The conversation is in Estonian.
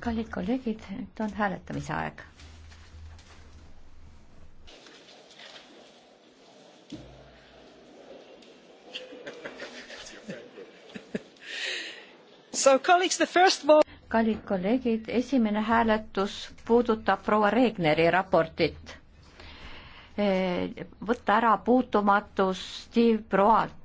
kallid kolleegid, nüüd on hääletamise aeg. kallid kolleegid, esimene hääletus puudutab proua Regneri raportit. Eh, võtta ära puutumatus Steve Proalt.